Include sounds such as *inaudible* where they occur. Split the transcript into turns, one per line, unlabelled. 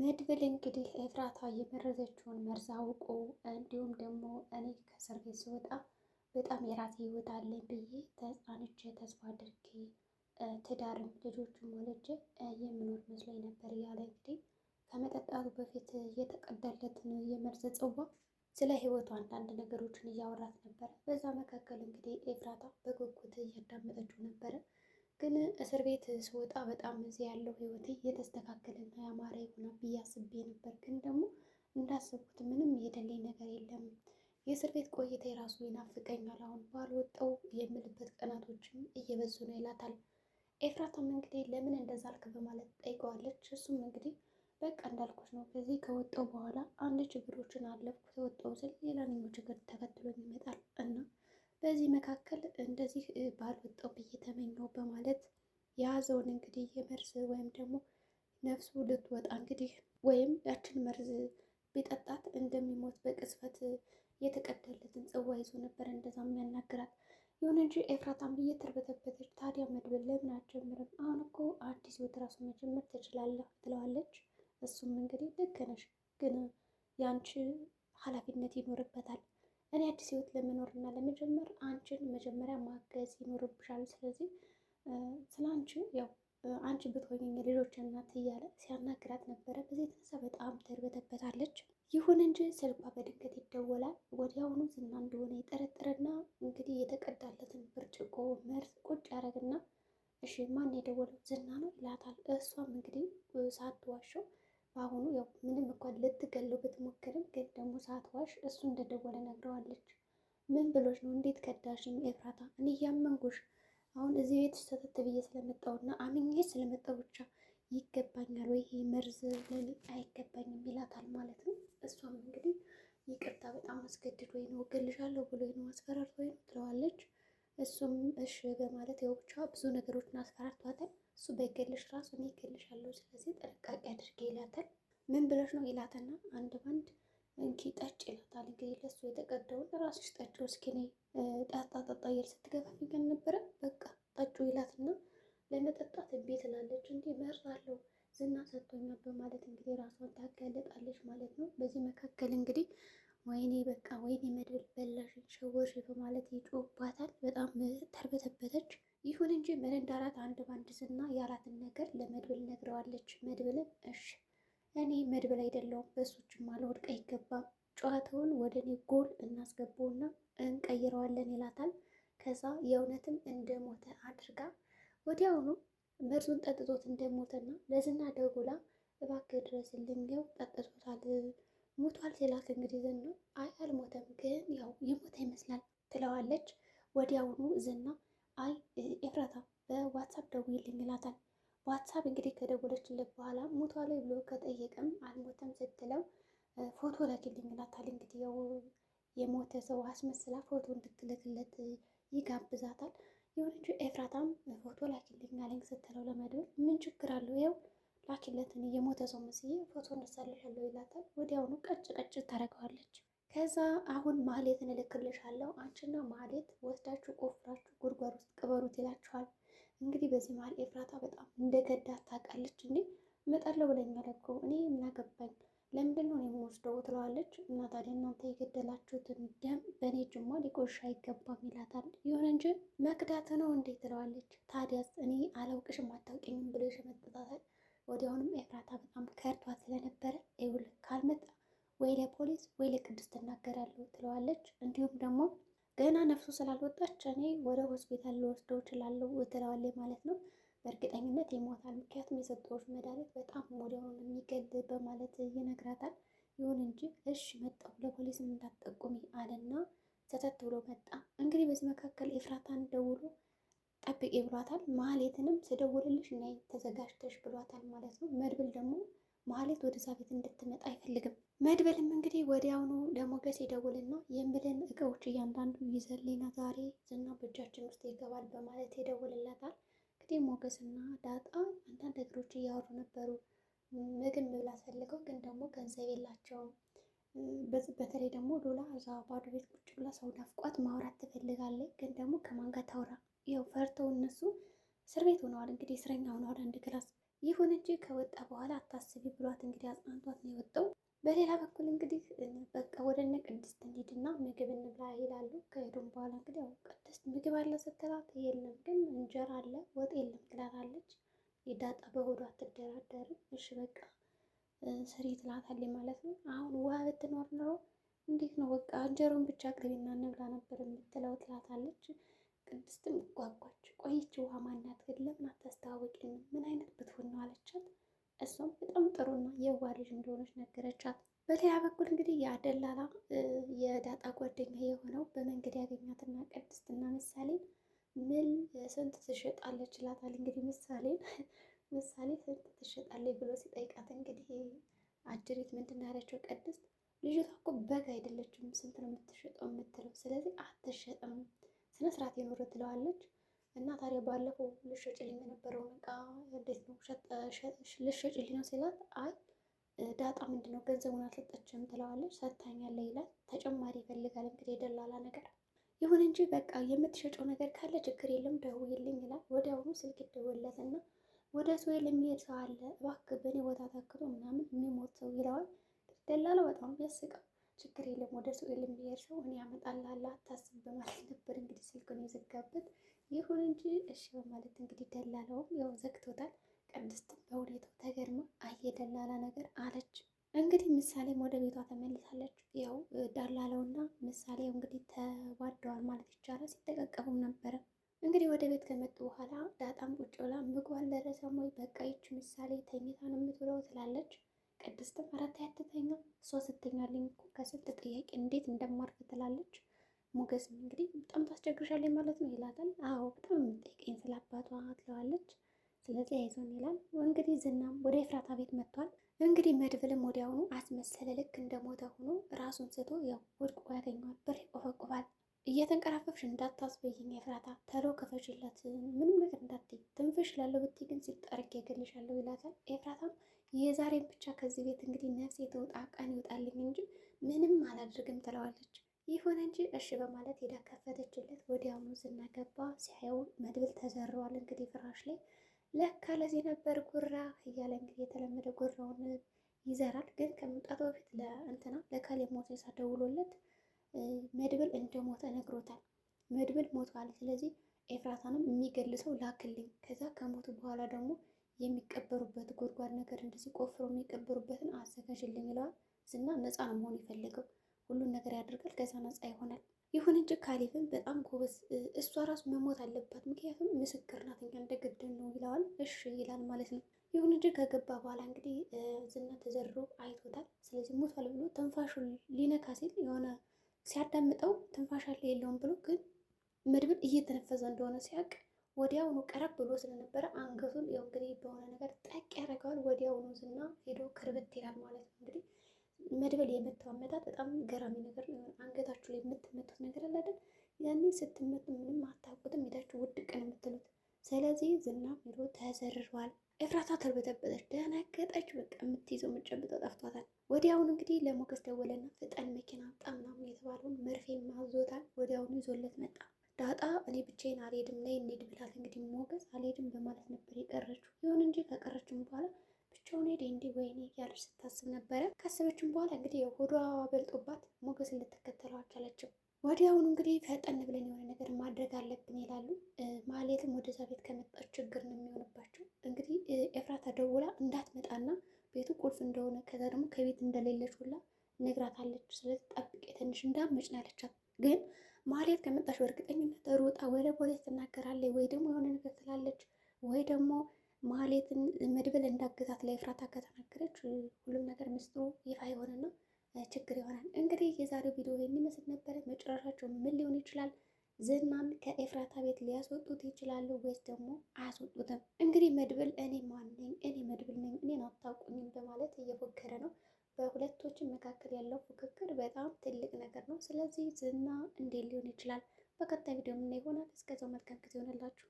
መድብል እንግዲህ ኤፍራታ የመረዘችውን መርዝ አውቆ እንዲሁም ደግሞ እኔ ከእስር ቤት ስወጣ በጣም የራሴ ህይወት አለኝ ብዬ ተጽናንቼ ተስፋ አድርጌ ትዳርም ልጆችም ወልጄ የምኖር መስሎኝ ነበር እያለ እንግዲህ ከመጠጣቱ በፊት የተቀዳለትን የመርዝ ጽዋ ስለ ህይወቱ አንዳንድ ነገሮችን እያወራት ነበር በዛ መካከል እንግዲህ ኤፍራታ በጉጉት እያዳመጠችው ነበረ። ግን እስር ቤት ስወጣ በጣም እዚህ ያለው ህይወት የተስተካከለና ያማረ ይሆናል ብዬ አስቤ ነበር። ግን ደግሞ እንዳሰብኩት ምንም የሄደልኝ ነገር የለም። የእስር ቤት ቆይታ የራሱ ይናፍቀኛል። አሁን ባልወጣው የምልበት ቀናቶችም እየበዙ ነው ይላታል። ኤፍራታም እንግዲህ ለምን እንደዛ አልክ በማለት ጠይቀዋለች። እሱም እንግዲህ በቃ እንዳልኩት ነው ከዚህ ከወጣው በኋላ አንድ ችግሮችን አለፍኩ። ከወጣው ስል ሌላኛው ችግር ተከትሎ ይመጣል እና በዚህ መካከል እንደዚህ ባልወጣው ብዬ ተመኘው በማለት የያዘውን እንግዲህ የመርዝ ወይም ደግሞ ነፍሱ ልትወጣ እንግዲህ ወይም ያችን መርዝ ቢጠጣት እንደሚሞት በቅጽበት የተቀደለትን ጽዋ ይዞ ነበር እንደዛ የሚያናግራት። ይሁን እንጂ ኤፍራታም እየተርበተበተች ታዲያ መድብል ለምን አትጀምርም? አሁን እኮ አዲስ ቤት ራሱ መጀመር ትችላለህ ትለዋለች። እሱም እንግዲህ ልክ ነሽ፣ ግን ያንቺ ኃላፊነት ይኖርበታል እኔ አዲስ ህይወት ለመኖር እና ለመጀመር አንቺን መጀመሪያ ማገዝ ይኖርብሻል። ስለዚህ ስለ አንቺ ያው አንቺ ብትሆኚ ሌሎች እናት እያለ ሲያናግራት ነበረ። በዚህ የተነሳ በጣም ተርበተበታለች። ይሁን እንጂ ስልኳ በድንገት ይደወላል። ወዲያውኑ ዝና እንደሆነ የጠረጠረና እንግዲህ የተቀዳለትን ብርጭቆ መርዝ ቁጭ ያደረግና እሺ ማን የደወለው ዝና ነው ይላታል። እሷም እንግዲህ ሳትዋሸው በአሁኑ ያው ምንም እንኳን ልትገለው ብትሞክርም ግን ደግሞ ሳትዋሽ እሱ እንደደወለ ነግረዋለች። ምን ብሎሽ ነው? እንዴት ከዳሽኝ? ኤፍራታ እኔ እያመንኩሽ አሁን እዚህ ቤት ሰተት ብዬ ስለመጣሁና አምኜ ስለመጣው ብቻ ይገባኛል ወይ ይሄ መርዝ ለኔ አይገባኝም ይላታል ማለት ነው። እሷም እንግዲህ ይቅርታ በጣም አስገድዶ ነው እገልሻለሁ ብሎ ነው አስፈራርቶኝ ትለዋለች። እሱም እሺ በማለት ያው ብቻ ብዙ ነገሮችን አስፈራርቷታል። እሱ በገልሽ ራሱ እኔ እገልሻለሁ፣ ስለዚህ ጥንቃቄ አድርገ ይላታል። ምን ብለሽ ነው ይላትና አንድ ባንድ እንኪ ጠጭ ይላታል። እንግዲህ ለሱ የተቀደውን ራስሽ ጠጭ እስኪ እኔ ጣጣ ጣጣ እያል ስትገፋፊ ግን ነበረ በቃ ጠጩ ይላትና ለመጠጣት እምቢ ላለች እንዲ መርዛለሁ ዝና ሰጥቶኛል በማለት እንግዲህ ራሷን ታጋለጣለች ማለት ነው። በዚህ መካከል እንግዲህ ወይኔ በቃ ወይኔ መድብል በላሽ ሸወርሽ በማለት ይጮ በአንድ በአንድ ዝና ያላትን ነገር ለመድብል ነግረዋለች። መድብልም እሽ እኔ መድብል አይደለውም በእሶችም አልወድቅ አይገባም ጨዋታውን ወደ እኔ ጎል እናስገባውና እንቀይረዋለን ይላታል። ከዛ የእውነትም እንደሞተ አድርጋ ወዲያውኑ መርዙን ጠጥቶት እንደሞተና ለዝና ደውላ እባክህ ድረስልኝ፣ ያው ጠጥቶታል ሞቷል ሲላት እንግዲህ ዝና አይ አልሞተም፣ ግን ያው የሞተ ይመስላል ትለዋለች። ወዲያውኑ ዝና አይ ኤፍራታ በዋትሳፕ ደውይልኝ ይላታል። ዋትሳፕ እንግዲህ ከደወለችለት በኋላ ሞቷል ብሎ ከጠየቀም አልሞተም ስትለው ፎቶ ላኪልኝ ይላታል። እንግዲህ ያው የሞተ ሰው አስመስላ ፎቶ እንድትልክለት ይጋብዛታል። ይሁን ኤፍራታም ፎቶ ላኪልኝ አለኝ ስትለው ለመድብል ምን ችግር አለው ያው ላኪለትን የሞተ ሰው መስዬ ፎቶ እነሳልሻለሁ ይላታል። ወዲያውኑ ቀጭ ቀጭ ታደርገዋለች። ከዛ አሁን ማህሌትን እልክልሻለሁ አንቺና ማህሌት ወስዳችሁ ቆፍራችሁ ጉድጓድ ውስጥ ቅበሩት ይላችኋል። እንግዲህ በዚህ መሀል ኤፍራታ በጣም እንደገዳት ታውቃለች። እንዴ እመጣለሁ ብለኛል እኮ እኔ የምናገባኝ ለምንድን ነው የምወስደው ትለዋለች። እና ታዲያ እናንተ የገደላችሁትን ደም በእኔ ጅማ ሊቆሻ አይገባም ይላታል። ይሁን እንጂ መክዳት ነው እንዴ ትለዋለች። ታዲያስ እኔ አላውቅሽም አታውቂኝም ብሎ ይሸመጥጣታል። ወዲያውኑም ኤፍራታ በጣም ከርቷት ስለነበረ ይኸውልህ ካልመጣ ወይ ለፖሊስ ወይ ለቅዱስ ትናገራለሁ ትለዋለች። እንዲሁም ደግሞ ገና ነፍሱ ስላልወጣች እኔ ወደ ሆስፒታል ልወስደው እችላለሁ ትለዋለች ማለት ነው። በእርግጠኝነት ይሞታል፣ ምክንያቱም የሰጠሁት መድኃኒት በጣም ወዲያውኑ የሚገል በማለት ይነግራታል። ይሁን እንጂ እሽ መጣሁ ለፖሊስ እንዳትጠቁሚ አለና ሰተት ብሎ መጣ። እንግዲህ በዚህ መካከል ኤፍራታን ደውሎ ጠብቂ ብሏታል። መሀሌትንም ስደውልልሽ ነይ ተዘጋጅተሽ ብሏታል ማለት ነው። መድብል ደግሞ መሀሌት ወደዛ ቤት እንድትመጣ አይፈልግም። መድብልም እንግዲህ ወዲያውኑ ሞገስ ይደውልና የምልን እቃዎች እያንዳንዱ ይዘልና ዛሬ ዝና በእጃችን ውስጥ ይገባል በማለት ይደውልለታል። እንግዲህ ሞገስና ዳጣ አንዳንድ እግሮች እያወሩ ነበሩ። ምግብ መብላት ፈልገው ግን ደግሞ ገንዘብ የላቸውም። በተለይ ደግሞ ሎላ እዛ ባዶ ቤት ቁጭ ብላ ሰው ናፍቋት ማውራት ትፈልጋለች። ግን ደግሞ ከማን ጋር ታውራ? ያው ፈርተው እነሱ እስር ቤት ሆነዋል። እንግዲህ እስረኛ ሆነዋል አንድ ክላስ። ይሁን እንጂ ከወጣ በኋላ አታስቢ ብሏት እንግዲህ አጽናንቷት ነው የወጣው። በሌላ በኩል እንግዲህ በቃ ወደ እነ ቅድስት እንሂድና ምግብ እንብላ ይላሉ። ከሄዱም በኋላ እንግዲህ ያው ቅድስት ምግብ አለ ስትላት የለም ግን እንጀራ አለ ወጥ የለም ትላታለች። የዳጣ በሆዷ አትደራደርም። እሺ በቃ ስሪ ትላታለች ማለት ነው። አሁን ውሃ ብትኖር ኖሮ እንዴት ነው በቃ እንጀራውን ብቻ አቅርቢና እንብላ ነበር የምትለው ትላታለች። ቅድስትም ጓጓች ቆይች ውሃ ማናት ለምን አታስተዋወቂንም? ምን አይነት ብትሆን ነው አለቻት። እሷም በጣም ጥሩና የዋህ ልጅ እንደሆነች ነገረቻት። በሌላ በኩል እንግዲህ የአደላላ የዳጣ ጓደኛ የሆነው በመንገድ ያገኛትና ቅድስትና ምሳሌን ምን ስንት ትሸጣለች ይላታል። እንግዲህ ምሳሌን *laughs* ምሳሌ ስንት ትሸጣለች ብሎ ሲጠይቃት እንግዲህ አጅሪት ምንድን ያለችው ቅድስት ልጅቷ እኮ በግ አይደለችም ስንት ነው የምትሸጠው የምትለው ስለዚህ አትሸጥም ስነስርዓት የኖረ ትለዋለች። እና ታዲያ ባለፈው ልሸጭልኝ የነበረውን እቃ እንዴት ነው ልሸጭልኝ ነው ሲላት፣ አይ ዳጣ ምንድን ነው ገንዘቡን አልሰጠችም ትለዋለች። ሰጥታኛለች ይላል። ተጨማሪ ይፈልጋል እንግዲህ የደላላ ነገር ይሁን እንጂ በቃ የምትሸጨው ነገር ካለ ችግር የለም ደውልልኝ ይላል። ወዲያውኑ ስልክ ይደወለትና ወደ ሱዌል የሚሄድ ሰው አለ እባክህ በእኔ ቦታ ታክቶ ምናምን የሚሞት ሰው ይለዋል። ደላላ በጣም ያስቃል። ችግር የለም ወደ ስዕል የሚሄድ ሰው እኔ ያመጣልሃለሁ አታስብ በማለት ነበር እንግዲህ ስልኩን የዘጋበት። ይሁን እንጂ እሺ በማለት እንግዲህ ደላላውም ያው ዘግቶታል። ቅድስት በሁኔታው ተገርማ አየ ደላላ ነገር አለች። እንግዲህ ምሳሌም ወደ ቤቷ ተመልሳለች። ያው ደላላውና ምሳሌ እንግዲህ ተዋደዋል ማለት ይቻላል። ሲጠቃቀሙም ነበረ። እንግዲህ ወደ ቤት ከመጡ በኋላ ዳጣም ቁጭ ብላ ምግቧን አልደረሰም ወይ በቃ ይች ምሳሌ ተኝታ ነው የምትውለው ትላለች። ቅድስትም ኧረ ተይ አትተኛ፣ እሷ ስተኛልኝ እኮ ከስንት ጥያቄ እንዴት እንደማርፍ ትላለች። ሞገስም እንግዲህ በጣም ታስቸግርሻለች ማለት ነው ይላታል። አዎ በጣም የምጠይቀኝ ስለ አባቷ ትለዋለች። ስለዚህ አይዞን ይላል። እንግዲህ ዝናም ወደ ኤፍራታ ቤት መጥቷል። እንግዲህ መድብልም ወዲያውኑ አስመሰለ ልክ እንደሞተ ሆኖ ራሱን ስቶ ያው ወድቆ ያገኘዋል። በር ይቆፈቁፋል። እየተንቀራፈፍሽ እንዳታስበይኝ ኤፍራታ ተሎ ክፈሽላት፣ ምንም ነገር እንዳትይ፣ ትንፍሽ ላለው ብትይ ግን ሲጠርግ ያገልሻለሁ ይላታል። ኤፍራታም የዛሬን ብቻ ከዚህ ቤት እንግዲህ ነፍሴ ትውጣ፣ ቀን ይውጣልኝ እንጂ ምንም አላድርግም ትለዋለች። ይሁን እንጂ እሺ በማለት ሄዳ ከፈተችለት። ወዲያውኑ ስናገባ ገባ። ሲያየው መድብል ተዘረዋል። እንግዲህ ፍራሽ ላይ ለካ ለዚህ ነበር ጉራ እያለ እንግዲህ የተለመደ ጉራውን ይዘራል። ግን ከመምጣቱ በፊት ለእንትና ለካሌ ሞቴሳ ደውሎለት መድብል እንደሞተ ነግሮታል። መድብል ሞቷል፣ ስለዚህ ኤፍራታንም የሚገልሰው ላክልኝ፣ ከዛ ከሞቱ በኋላ ደግሞ የሚቀበሩበት ጉድጓድ ነገር እንደዚህ ቆፍሮ የሚቀበሩበትን አዘጋጅልኝ ይለዋል። ዝና ነፃ ነው መሆን የፈለገው ሁሉን ነገር ያደርጋል። ከዛ ነፃ ይሆናል። ይሁን እንጂ ካሌብን በጣም ጎበዝ፣ እሷ ራሱ መሞት አለባት፣ ምክንያቱም ምስክር ናት፣ እኛ እንደገደል ነው ይለዋል። እሺ ይላል ማለት ነው። ይሁን እንጂ ከገባ በኋላ እንግዲህ ዝና ተዘርሮ አይቶታል። ስለዚህ ሞቷል ብሎ ትንፋሹን ሊነካ ሲል የሆነ ሲያዳምጠው ትንፋሽ አለ የለውም ብሎ ግን መድብል እየተነፈሰ እንደሆነ ሲያውቅ ወዲያውኑ ቀረብ ብሎ ስለነበረ አንገቱን ያው እንግዲህ በሆነ ነገር ጠቅ ያደርገዋል። ወዲያውኑ ዝና ሄዶ ክርብት ይላል ማለት ነው። እንግዲህ መድበል የመታው በጣም ገራሚ ነገር አንገታችሁ ላይ የምትመቱት ነገር አለ አይደል? ስትመቱ ምንም አታውቁትም፣ ሄዳችሁ ውድቅ ነው የምትሉት። ስለዚህ ዝና ሄዶ ተዘርሯል። ኤፍራታ ተርበተበተች፣ ደነገጠች። በቃ የምትይዘው የምትጨብጠው ጠፍቷታል። ወዲያውኑ እንግዲህ ለሞገስ ደወለና ፍጠን መኪና አምጣ ምናምን የተባለውን መርፌ ማዞታል። ወዲያውኑ ይዞለት መጣ። ዳጣ እኔ ብቻዬን አልሄድም ላይ እንሂድ ብላት እንግዲህ ሞገስ አልሄድም በማለት ነበር የቀረችው። ይሁን እንጂ ከቀረችም በኋላ ብቻውን ሄደ እንዲህ ወይኔ እያለች ስታስብ ነበረ። ካሰበችም በኋላ እንግዲህ የሆዷ በልጦባት ሞገስ እንድትከተለው አልቻለችም። ወዲያውኑ እንግዲህ ፈጠን ብለን የሆነ ነገር ማድረግ አለብን ይላሉ። ማለትም ወደዛ ቤት ከመጣች ችግር ነው የሚሆንባቸው። እንግዲህ ኤፍራታ ደውላ እንዳትመጣና ቤቱ ቁልፍ እንደሆነ ከዛ ደግሞ ከቤት እንደሌለች ሁላ ነግራታለች። ስለዚህ ጠብቄ ትንሽ እንዳመጭ ናለቻት ግን ማህሌት ከመጣሽ በእርግጠኝነት ሩጣ ወደ ፖሊስ ትናገራለች፣ ወይ ደግሞ የሆነ ነገር ትላለች፣ ወይ ደግሞ ማህሌትን መድብል እንዳገዛት ለኤፍራታ ከተናገረች ሁሉም ነገር ምስጢሩ ይፋ ይሆንና ችግር ይሆናል። እንግዲህ የዛሬው ቪዲዮ የሚመስል ነበረ። መጨረሻቸው ምን ሊሆን ይችላል? ዝናን ከኤፍራታ ቤት ሊያስወጡት ይችላሉ ወይስ ደግሞ አያስወጡትም? እንግዲህ መድብል እኔ ማን ነኝ? እኔ መድብል ነኝ፣ እኔን አታውቁኝም በማለት እየፎከረ ነው። በሁለቶችን መካከል ያለው ፉክክር በጣም ትልቅ ነገር ነው። ስለዚህ ዝና እንዴት ሊሆን ይችላል? በቀጣይ ቪዲዮ ምን ይሆናል። እስከዛው መልካም ጊዜ ይሆንላችሁ።